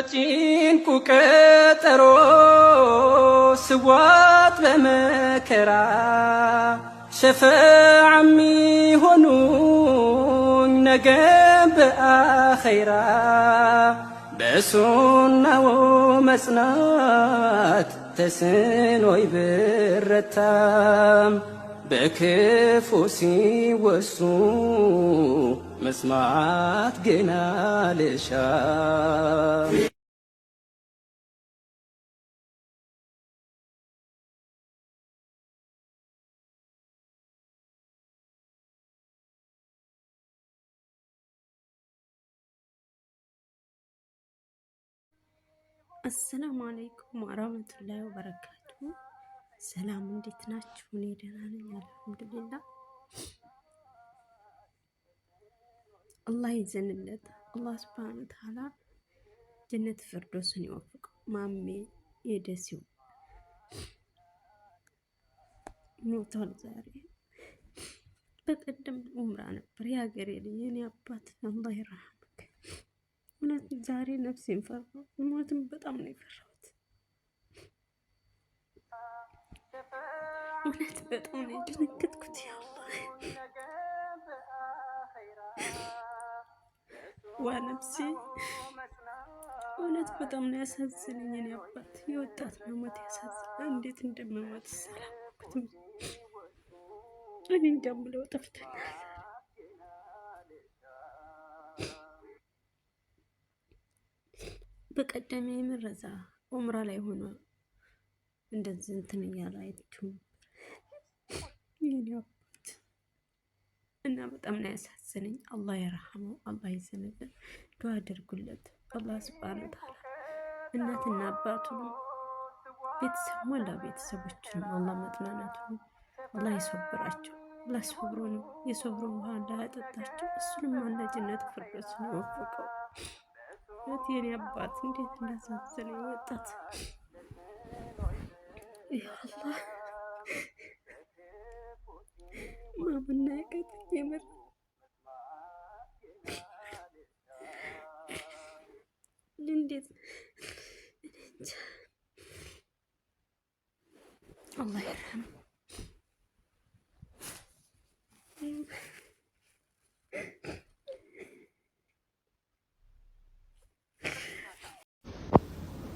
تين كوكترو سوات بمكرا شفع عمي هنو نجاب اخيرا بسون و مسنات تسن ويبرتام بكفوسي وسو مسمعات جنا لشام አሰላሙ አለይኩም ወራህመቱላሂ ወበረካቱ። ሰላም እንዴት ናችሁ? እኔ ደህና ነኝ አልሐምዱሊላህ። አላህ ይዘንለት። አላህ ሱብሃነሁ ወተዓላ ጀነት ፍርዶስን ይወፍቅ። ማሜ የደሴው ሞቷል ዛሬ። በቀደም ኡምራ ነበር የሀገሬ ልጅ የኔ አባት አላህ ይርሐም እውነትም ዛሬ ነፍሴን ፈራሁ። እውነትም በጣም ነው የፈራሁት። እውነት በጣም ነው የደነገጥኩት። ዋ ነፍሴ፣ እውነት በጣም ነው ያሳዝንኝ። እኔ አባት የወጣት መሞት ያሳዝን። እንዴት እንደመሞት ሰላም ኩትም እኔ እንዳምለው ጠፍተኛል በቀደም የመረዛ ኡምራ ላይ ሆኖ እንደዚህ እንትን እያለ አይችሁም እና በጣም ነው ያሳዝነኝ። አላህ ይርሐመው፣ አላህ ይዘንልን። ዱዓ አድርጉለት። አላህ ስብሐነ ወተዓላ እናትና አባቱን ቤተሰብ ሞላ ቤተሰቦችን አላህ መጥናናቱን አላህ ይሰብራቸው። አላህ ሰብሮ ነው የሰብሮ ውሃ እንዳያጠጣቸው እሱንም አላህ ጀነት ፊርደውስ ነው ወፍቀው እህት የኔ አባት እንዴት እንዳሳዘነ ወጣት ያላ ማምና ያቀት የምር እንዴት አላህ ይርሐም።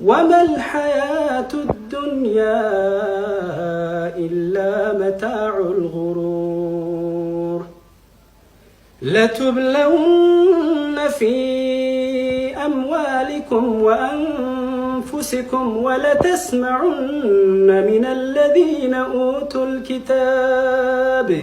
وما الحياة الدنيا إلا متاع الغرور لتبلون في أموالكم وأنفسكم ولتسمعن من الذين أوتوا الكتاب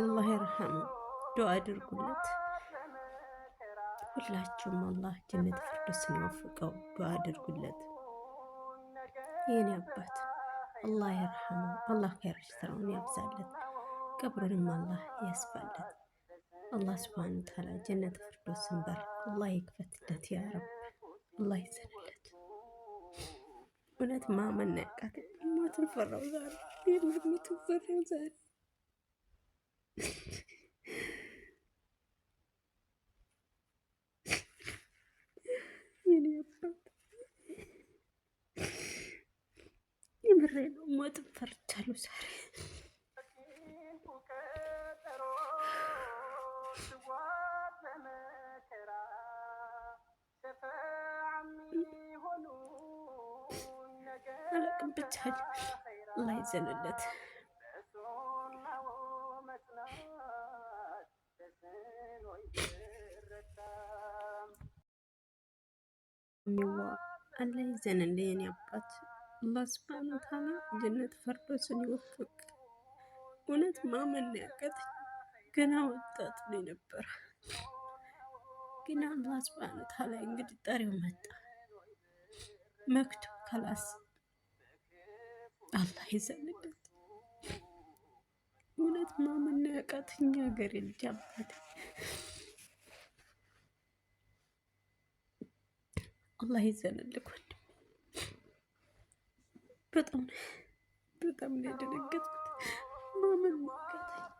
አላህ ይርሐሙ። ዱዓ አድርጉለት ሁላችሁም። አላህ ጀነት ፍርዶስ ይወፍቀው። ዱዓ አድርጉለት የኔ አባት አላህ ይርሐሙ። አላህ ኸይር ስራውን ያብዛለት፣ ቀብሩንም አላህ ያስፋለት። አላህ ስብሓን ተዓላ ጀነት ፍርዶስን በር አላህ ይክፈትለት። ያ ረብ አላህ ይዘንለት። እውነት ማመን ያቃተኝ ሞትን ፈራው ዛሬ ሞትን ፈራው ዛሬ ብቻ አላህ ይዘንለት። ሚዋ አላህ ዘንለ የኔ አባት አላህ ሱብሃነሁ ወተዓላ ጀነት ፈርዶስን ይወፍቅ። እውነት ማመን ያቀተኝ ገና ወጣት ነው ነበር፣ ግን አላህ ሱብሃነሁ ወተዓላ እንግዲህ ጠሪው መጣ መክቶ ከላስ አላህ ይዘንበት። እውነት ማመን እኛ ሀገሬ የልጅ አባት አላህ ይዘንልክ ወንድሜ። በጣም በጣም ነው የደነገጥኩት። ማመን ያቃት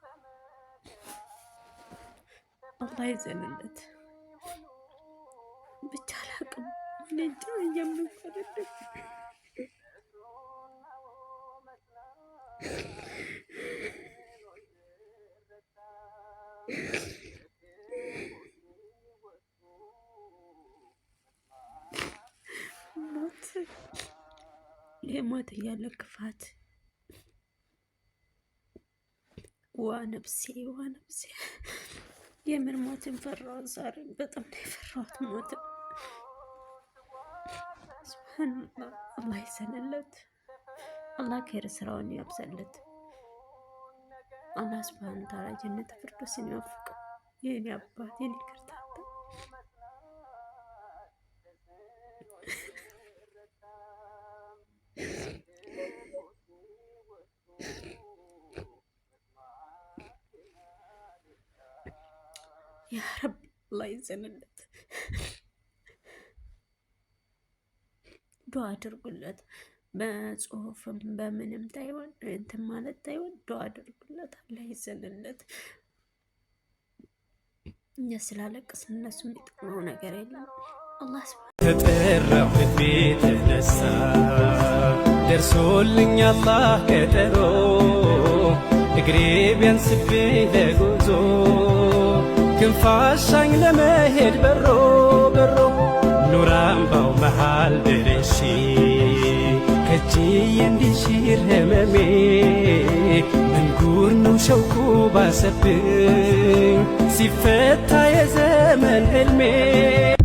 አላህ ይዘንለት ብቻ አላቅም እኔ እንጃ እያመንኩ አይደለም። ሞት የሞት እያለ ክፋት ዋ ነፍሴ ዋ ነፍሴ የምን ሞትን ፈራሁት። ዛሬ በጣም ነው የፈራሁት ሞት። ስብሓንላ አላህ ይሰንለት። አላህ ኸይር ስራውን ያብዛለት። አላህ ሱብሃነሁ ወተዓላ ጀነት ፊርደውስን ይወፍቀው። የኔ አባት የኔ ከርታታ ያ ረብ አላህ ይዘንለት። ዱዓ አድርጉለት። በጽሁፍም በምንም ታይሆን እንትን ማለት ታይሆን ዶ አድርጉለት፣ አላህ ይዘንለት። እኛ ስላለቅስ እነሱ የሚጠቅመው ነገር የለም። አላህ ከጠራሁት ተነሳ ደርሶልኝ አላህ ቀጠሮ እግሬ ቢያንስቤ ለጉዞ ክንፋሻኝ ለመሄድ በሮ በሮ ኑራምባው መሃል ደረሺ የሚሽር ህመሜ ምን ጉድ ነው ሸውቁ ባሰብኝ ሲፈታ የዘመን ህልሜ